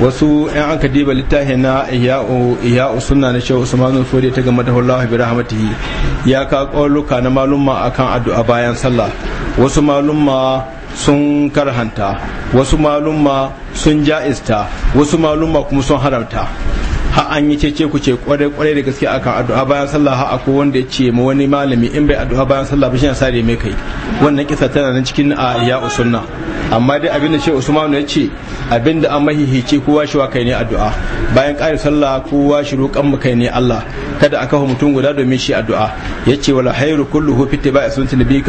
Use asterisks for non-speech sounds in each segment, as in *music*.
wasu yan aka diba littafi na ihya'u sunna na shehu usman fodi ta gama da Allah bi rahmatihi ya ka kauluka na malumma akan addu'a bayan sallah wasu malumma sun karhanta wasu malumma sun ja'ista wasu malumma kuma sun haramta har an yi cece ku ce kwarai kwarai da gaske aka addu'a bayan sallah har akwai wanda ya ce ma wani malami in bai addu'a bayan sallah ba shi sare mai kai wannan kisa tana nan cikin a ya usunna amma dai abinda shi usman ya ce abinda an mahihice kowa shi wa kai ne addu'a bayan ƙari sallah kowa shi roƙan mu kai ne Allah kada a kafa mutum guda domin shi addu'a yace wala hayru kulluhu fi tibai sunnati nabi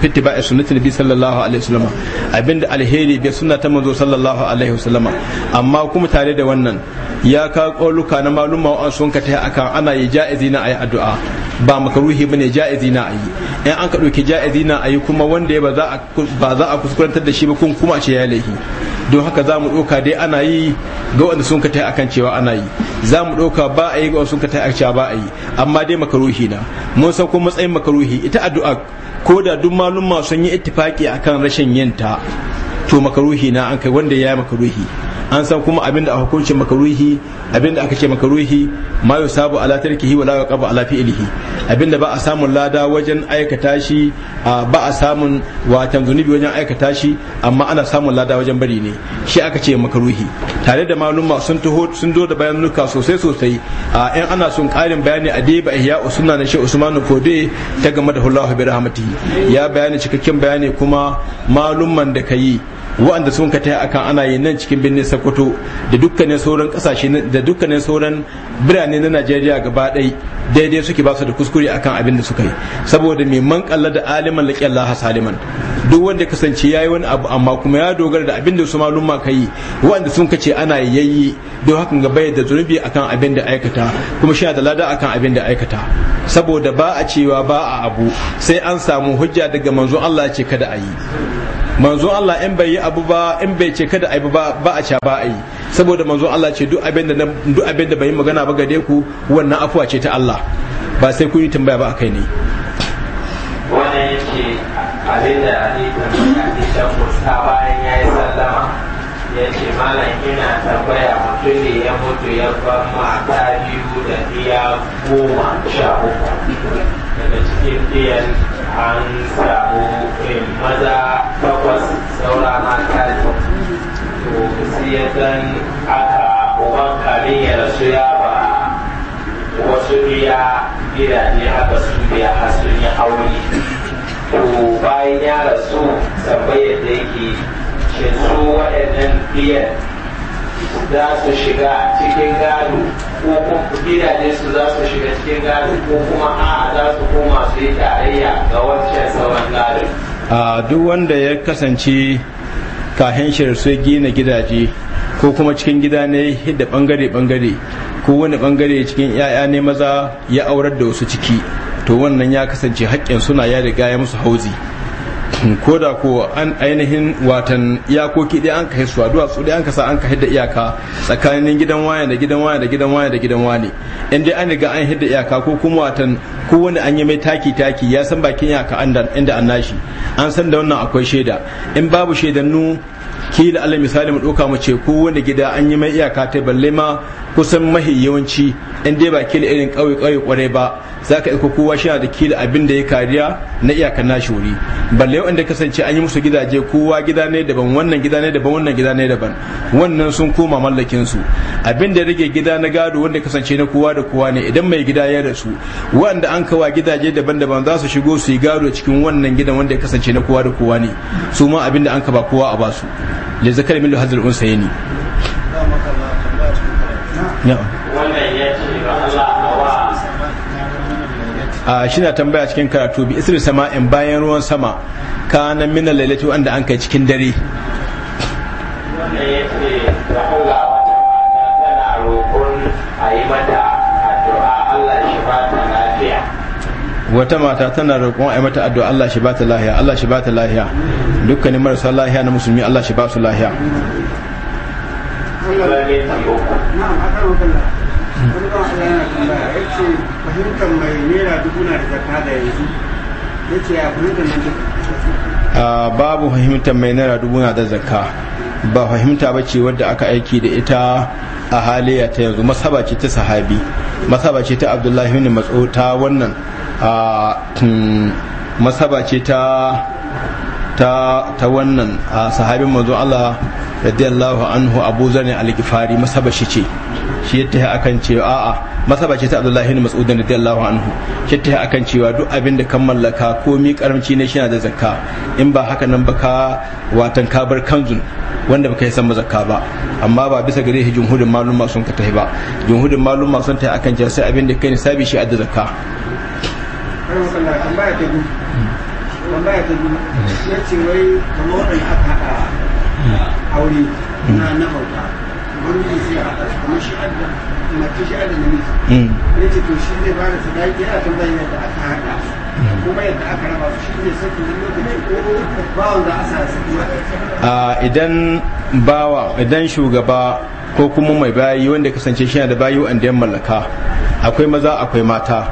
fi tibai sunnatin nabi sallallahu alaihi wasallam abinda alheri bi sunna ta manzo sallallahu alaihi wasallam amma kuma tare da wannan ya ka ƙauluka na maluma an sun ka ta akan ana yi ja'izi na ayi addu'a ba makaruhi bane ja'izi na ayi in an ka ɗauki ja'izi na ayi kuma wanda ba za a ba kuskurantar da shi ba kuma a ce ya laifi don haka za mu ɗauka dai ana yi ga wanda sun ka ta akan cewa ana yi za mu ɗauka ba a yi ga wanda sun ka ta akan cewa ba a yi amma dai makaruhi na mun san ko matsayin makaruhi ita addu'a ko da duk maluma sun yi itifaki akan rashin yinta to makaruhi na an kai wanda ya yi makaruhi an san kuma abinda a hukuncin makaruhi abinda aka ce makaruhi ma yusabu ala tarkihi wala yuqabu ala fi'lihi abinda ba a samun lada wajen aikata shi ba a samun watan zunubi wajen aikata shi amma ana samun lada wajen bari ne shi aka ce makaruhi tare da maluma sun taho sun zo da bayanuka sosai sosai in ana son karin bayani a dai ba ihya usunna na shi usmanu kode ta game da Allahu bi rahmatihi ya bayani cikakken bayani kuma malumman da kayi wa'anda sun ka taya akan ana yi nan cikin birnin sokoto da dukkanin sauran kasashe da dukkanin sauran birane na najeriya gaba ɗai daidai suke ba su da kuskure akan abin da suka yi saboda mai man kalla da aliman laƙi allah saliman duk wanda kasance ya yi wani abu amma kuma ya dogara da abin da su malumma ka yi wa'anda sun ka ce ana yayi don hakan ga bayar da zunubi akan abin da aikata kuma shi da lada akan abin da aikata saboda ba a cewa ba a abu sai an samu hujja daga manzon allah ce kada a yi manzo Allah in bai yi abu ba in bai ce kada abu ba ba a ca ba yi saboda manzo Allah ce duk abin da duk abin da bai yi magana ba gare ku wannan afuwa ce ta Allah ba sai kun yi tambaya ba akai ne wannan yake abin da ni da ta bayan yi sallama ya ce malam ina tambaya mutum ne ya mutu ya ban mata biyu da iya goma sha uku daga cikin iyan an samu maza takwas saura mata to su ya gan aka uban kamin ya rasu ya ba wasu biya gidaje haka su biya a sun yi aure to bayan ya rasu tambayar da yake ke su waɗannan biyan za su shiga cikin gado ko kuma gidaje su za su shiga cikin gado ko kuma a a duk wanda ya kasance kahin shirar su gina gidaje ko kuma cikin gida ne da bangare-bangare ko wani bangare cikin 'ya'ya ne maza ya aurar da wasu ciki to wannan ya kasance haƙƙin suna ya riga ya musu hauzi ko da ko an ainihin watan iyakoki dai an kai suwa duwatsu dai an kasa an ka hidda iyaka tsakanin gidan waya da gidan waya da gidan waya da gidan wani in dai an riga an hidda iyaka ko kuma watan ko wani an yi mai taki taki ya san bakin iyaka inda an nashi an san da wannan akwai shaida in babu shaidannu ki da Allah misali mu ɗauka mu ce ko wanda gida an yi mai iyaka ta balle ma kusan mahi yawanci in dai ba kila irin ƙauye ƙauye kwarai ba za ka iko kowa shi da kila abin da ya kariya na iyakar nashi wuri balle wanda kasance an yi musu gidaje kowa gida ne daban wannan gida ne daban wannan gida ne daban wannan sun koma mallakin su abin da rage gida na gado wanda kasance na kowa da kowa ne idan mai gida ya rasu wanda an kawa gidaje daban-daban za su shigo su yi gado cikin wannan gidan wanda kasance na kowa da kowa ne su ma abin da an ka ba kowa a basu li zakar min hadal unsayni a shi na tambaya cikin karatu bi isri in bayan ruwan sama nan min lalatu wanda an kai cikin dare wannan ya ce rahula wata mata tana roƙon a yi mata wata mata tana roƙon a mata addu'a Allah shi bata lahiya Allah shi bata lahiya dukkanin marasa lahiya na musulmi Allah shi ba su lahiya ah, babu fahimtar mai naira dubu na da zakka ba fahimta ba ce wadda aka aiki da ita a haliya ta yanzu masaba ce ta sahabi masaba ce ta abdullahi ibn mas'ud ta wannan a hmm, masaba ce ta ta ta wannan a sahabin manzo Allah radiyallahu anhu Abu Zar al-Ghifari masaba shi ce shi ya akan cewa a'a masaba ce ta Abdullahi bin Mas'ud radiyallahu anhu shi tahi akan cewa duk abin da kan mallaka mi karamci ne shina da zakka in ba haka nan ba ka watan ka bar kanzun wanda baka yi san zakka ba amma ba bisa gare shi jumhurin maluma sun ka tahi ba jumhurin maluma sun tahi akan cewa sai abin da kai sabi shi adda zakka ya ce wai kamar wadanda aka haɗa aure na na hauka Eh. idan bawa idan shugaba ko kuma mai bayi wanda kasance shi da bayi wanda ya mallaka akwai maza akwai mata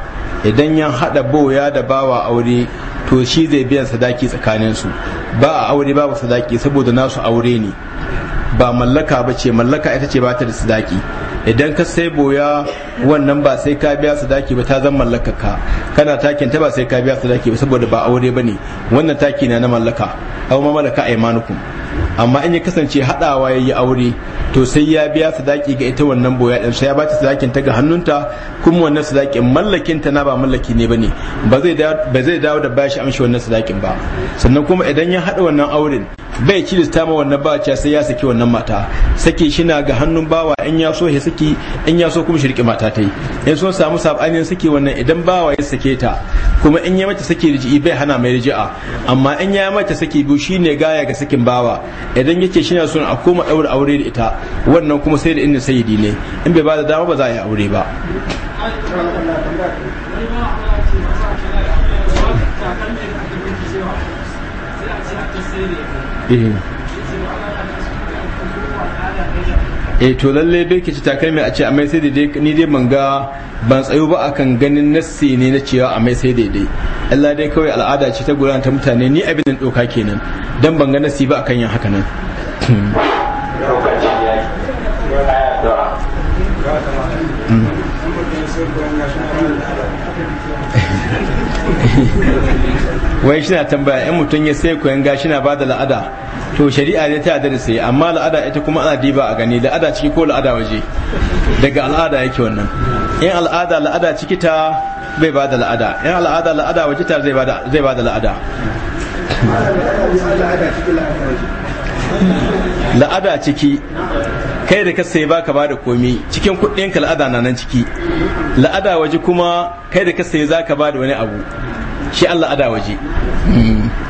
idan yan haɗa boya da bawa aure to shi zai biyan sadaki tsakaninsu ba a aure babu sadaki saboda nasu aure ne ba mallaka ba ce mallaka ita ce ba ta da sadaki idan ka sai boya wannan ba sai ka biya sadaki ba ta zan mallaka ka kana takin ta ba sai ka biya sadaki ba saboda ba aure ba ne wannan taki na na mallaka au ma a aymanukum amma in ya kasance hadawa yayi aure to sai ya biya sadaki ga ita wannan boya din sai ya bata sadakin ta ga hannunta kuma wannan sadakin mallakin ta na ba mallaki ne bane ba zai ba zai dawo da bashi amshi wannan sadakin ba sannan kuma idan ya hada wannan auren bai ta ma wannan ba ce sai ya saki wannan mata saki shi na ga hannun bawa in ya so ya saki in ya so kuma shirki mata ta yi in sun samu sabanin saki wannan idan bawa ya sake ta kuma in ya mata saki riji'i bai hana mai riji'a amma in ya mata saki biyu shi ne gaya ga sakin bawa idan yake shi na son a koma daura aure da ita wannan kuma sai da inda sayidi ne in bai ba da dama ba za a yi aure ba E to lalle bai ke ci takalmi a ce a mai sai daidai ni dai ban ga ban tsayo ba akan ganin nassi ne na cewa a mai sai daidai Allah dai kawai al'ada ce ta gudana ta mutane ni abin da doka kenan dan ban ga nassi ba akan yin haka nan Mm. *laughs* wai shi na tambaya in mutum ya sai koyan gashi na ba da la'ada to shari'a ne ta da sai amma la'ada ita kuma ana diba a gani la'ada ciki ko la'ada waje daga al'ada yake wannan in al'ada la'ada ciki ta bai ba da la'ada in al'ada la'ada waje ta zai ba da la'ada la'ada ciki kai da ka sai ba ka bada komi cikin kuɗin ka la'ada na nan ciki la'ada waje kuma kai da ka sai za ka bada wani abu shi Allah ada waje hmm.